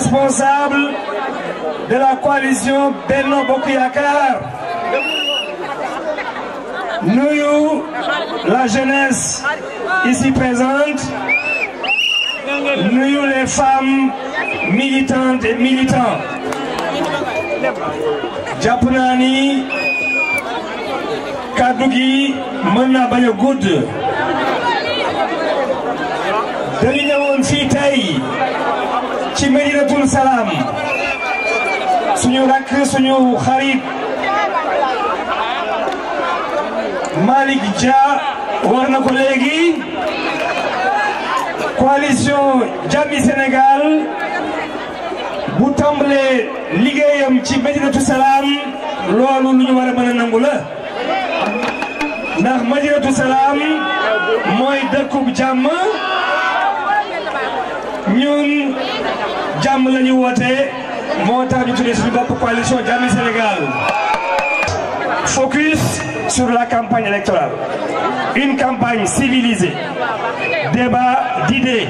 responsable de la coalition Benno Bokk Yakaar nuyu la jeunesse ici présente nuyu les femmes militantes et militants jàpp naa ni kàddu gi mën naa bañ a gudd tey ci Medinatul Salaam suñu rakk suñu xarit Malick Dia war na coalition Jammi Sénégal bu tàmbalee ci Medinatu Salaam loolu lu ñu war a mën a nangu mooy dëkkub jàmm ñun jàmm la ñu woote moo tax ñu tuddee suñu bopp coalition Jàmmi Sénégal focus sur la campagne électorale une campagne civilisée débat d'idées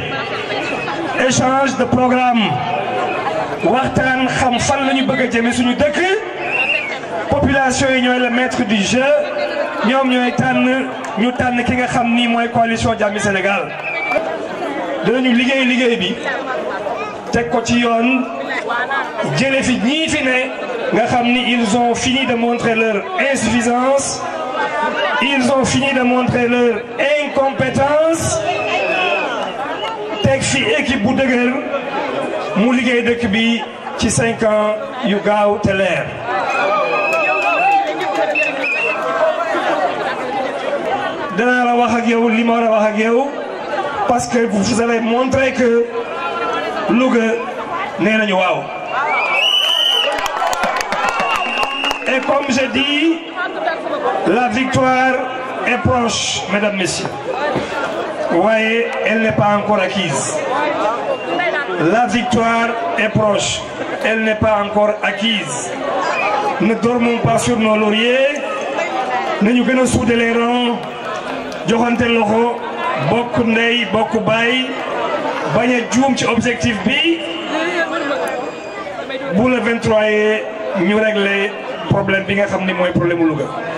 échange de programme waxtaan xam fan la ñu bëgg a jëme suñu dëkk population yi ñooy le maître du jeu ñoom ñooy tànn ñu tànn ki nga xam ni mooy coalition Jàmmi Sénégal dinañu liggéey liggéey bi teg ko ci yoon jële fi ñii fi ne nga xam ni ils ont fini de montrer leur insuffisance ils ont fini de montrer leur incompétence teg fi équipe bu dëgër mu liggéey dëkk bi ci cinq ans yu gaaw te leer dana la wax ak yow li ma a wax ak yow parce que vous avez montré que Louga ne nañu waaw. Et comme j'ai dit, la victoire est proche, mesdames, messieurs. Vous voyez, elle n'est pas encore acquise. La victoire est proche, elle n'est pas encore acquise. Ne dormons pas sur nos lauriers. nañu gën a souder les rangs joxante loxo. bokk ndey bokk baay bañ a juum ci objectif bi bu le 23 ñu réglé problème bi nga xam ni mooy problème mu Louga.